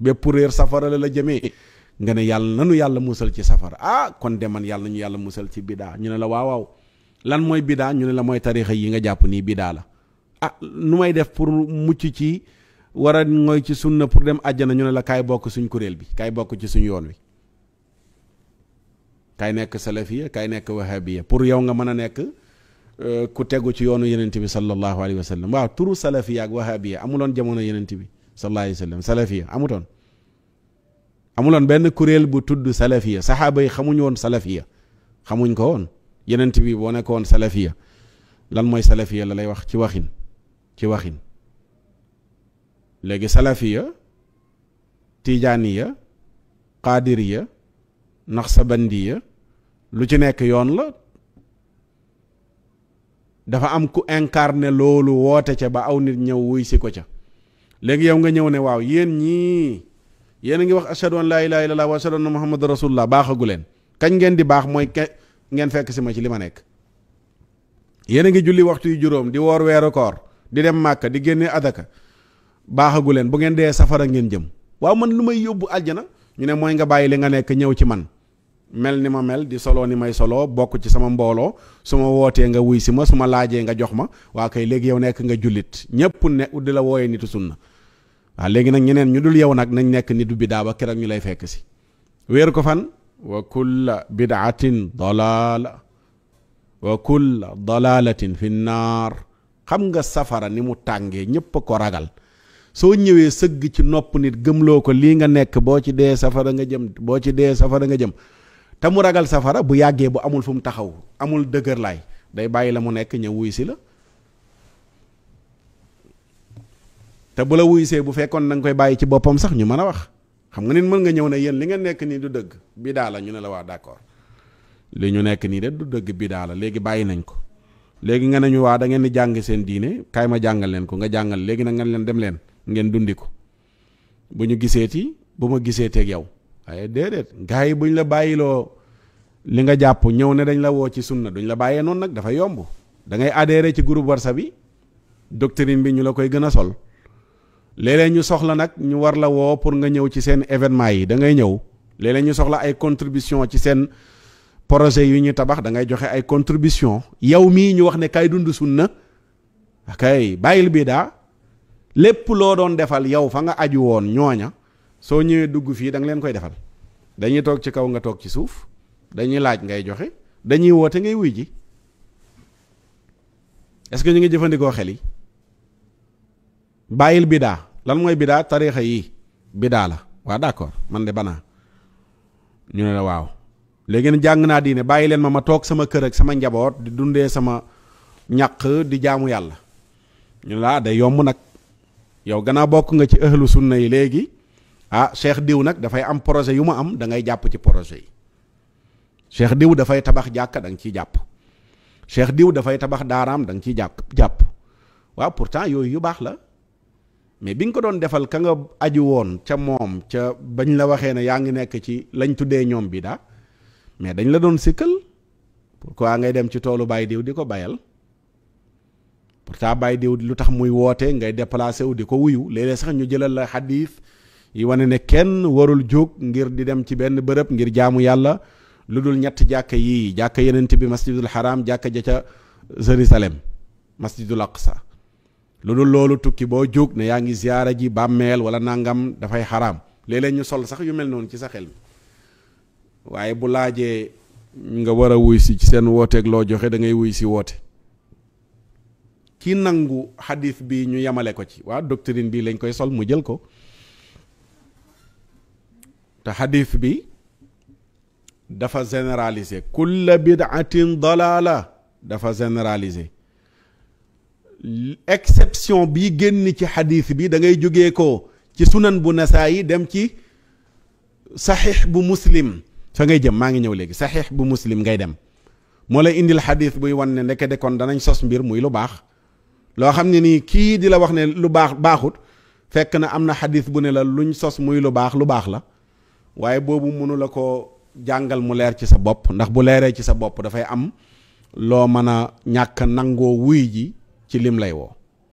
bépp réer safara la la jëmee nga ne yàlla nanu yàlla musal ci safara ah kon de yàlla ñu yàlla musal ci bidaa ñu ne la waaw waaw lan mooy bidaa ñu ne la mooy tarixa yi nga jàpp nii bidaa la ah nu may def pour mucc ci war a mooy ci sunna pour dem àjjana ñu ne la kaay bokk suñ kuréel bi kaay bokk ci suñ yoon wi kaay nekk salafiya kaay nekk wahabiya pour yow nga mën a nekk euh, ku tegu ci yoonu yenent bi sallallahu alayhi wa sallam waaw turu salafiya ak wahabiya amuloon jamono yenent bi sallallahu alayhi wa amutoon amuloon benn kuréel bu tudd salafiya saxaaba yi xamuñ woon salafiya xamuñ ko woon yenent bi boo nekkoon woon lan mooy salafiya la lay wax ci waxin ci waxin léegi salafiya tijaaniya qaadiriya naxsabandiya lu ci nekk yoon la dafa am ku ne loolu woote ca ba aw nit ñëw wuy si ko ca léegi yow nga ñëw ne waaw yéen ñii yéen a ngi wax ashadu an laa ilaaha illallaah wa ashadu anna muhammadan rasulullah baaxagu leen kañ ngeen di baax mooy ke ngeen fekk si ma ci li ma nekk yéen a ngi julli waxtu yu juróom di woor weeru koor di dem màkka di génnee adaka baaxagu leen bu ngeen dee safara ngeen jëm waaw man lu may yóbbu aljana ñu ne mooy nga bàyyi li nga nekk ñëw ci man mel ni ma mel di soloo ni may soloo bokk ci sama mbooloo su ma wootee nga wuy si ma su ma laajee nga jox ma waa kay léegi yow nekk nga jullit ñëpp ne uddi la wooyee nitu sunna waaw léegi nag ñeneen ñu dul yow nag nañ nekk nit du bidaa ba keroog ñu lay fekk si wéer ko fan wa kulla bidaatin dalaala wa kulla dalaalatin fi naar xam nga safara ni mu tàngee ñëpp ko ragal soo ñëwee sëgg ci nopp nit gëmloo ko lii nga nekk boo ci dee safara nga jëm boo ci dee safara nga jëm te mu ragal safara bu yàggee bu amul fu mu taxaw amul dëgër laay day bàyyi la mu nekk ñëw wuy si la te bu la wuyusee bu fekkoon da koy bàyyi ci boppam sax ñu mën a wax xam nga nit mën nga ñëw ne yéen li nga nekk nii du dëgg bidaa la ñu ne la waa d'accord li ñu nekk nii de du dëgg bidaa la léegi bàyyi nañ ko léegi nga nañu waa da ngeen di jàng seen diine kaay ma jàngal leen ko nga jàngal léegi nag nga leen dem leen ngeen dundi ko bu ñu gisee giseeti bu ma gisee teg yow waaye déedéet ngaa yi buñ la bàyyiloo li nga jàpp ñëw ne dañu la woo ci sunna duñ la bàyyee noonu nag dafa yomb da ngay adhéré ci groupe WhatsApp bi doctrine bi ñu la koy gën a sol léeg ñu soxla nag ñu war la woo pour nga ñëw ci seen événement yi da ngay ñëw léeg ñu soxla ay contribution ci seen projet yu ñu tabax da ngay joxe ay contribution yow mii ñu wax ne kay dund sunna kay bàyyil bii daa lépp loo doon defal yow fa nga aju woon ñooña soo ñëwee dugg fii da nga leen koy defal dañuy toog ci kaw nga toog ci suuf dañuy laaj ngay joxe dañuy woote ngay wuy ji est-ce que ñu ngi jëfandikoo xel yi bàyyil bidaa lan mooy bidaa tariixa yi bidaa la waa d'accord man de banaa ñu ne la waaw léegi nag jàng naa diine bàyyi leen ma ma toog sama kër ak sama njaboot di dundee sama ñaq di jaamu yàlla ñu ne la ah, day yomb nag yow gannaaw bokk nga ci ahlu sunna yi léegi ah cheikh diw nag dafay am projet yu ma am da ngay jàpp ci projet yi cheikh diw dafay tabax jàkka danga ciy jàpp cheikh diw dafay tabax daaraam da nga ciy jàpp jàpp waaw pourtant yooyu yu baax la mais bi nga ko doon defal ka nga aju woon ca moom ca bañ la waxee ne yaa ngi nekk ci lañ tuddee ñoom bi daa mais dañ la doon sikkal pour pourquoi ngay dem ci toolu bàyyi diw di ko bayal pour pourtant bàyyi diw lu tax muy woote ngay déplacé wu di ko wuyu léeg-léeg sax ñu jëlal la xadiis yi wane ne kenn warul jóg ngir di dem ci benn bërëb ngir jaamu yàlla lu dul ñetti jàkka yii jàkka yenent bi masjidul haram jàkka ja ca Jérusalem masjidul aqsa lu dul loolu tukki boo jóg ne yaa ngi ziyaara ji bàmmeel wala nangam dafay xaram léeg-léeg ñu sol sax yu mel noonu ci sa xel mi waaye bu laajee nga war a wuy si ci seen wooteeg loo joxe dangay ngay wuy si woote ki nangu xadis bi ñu yemale ko ci waa doctrine bi lañ koy sol mu jël ko te xadis bi dafa généraliser kulla bid'atin dalala dafa généralise exception bi génn ci xadiis bi da ngay jógee ko ci sunan bu nasaa yi dem ci saxiix bu muslim sa ngay jëm maa ngi ñëw léegi saxiix bu muslim ngay dem moo lay indil xadiis buy wan ne ndeke de kon danañ sos mbir muy lu baax loo xam ne nii kii di la wax ne lu baax baaxut fekk na am na xadiis bu ne la luñ sos muy lu baax lu baax la waaye boobu mënula la ko jàngal mu leer ci sa bopp ndax bu leeree ci sa bopp dafay am loo mën a ñàkk nangoo wuy ji ci lim lay woo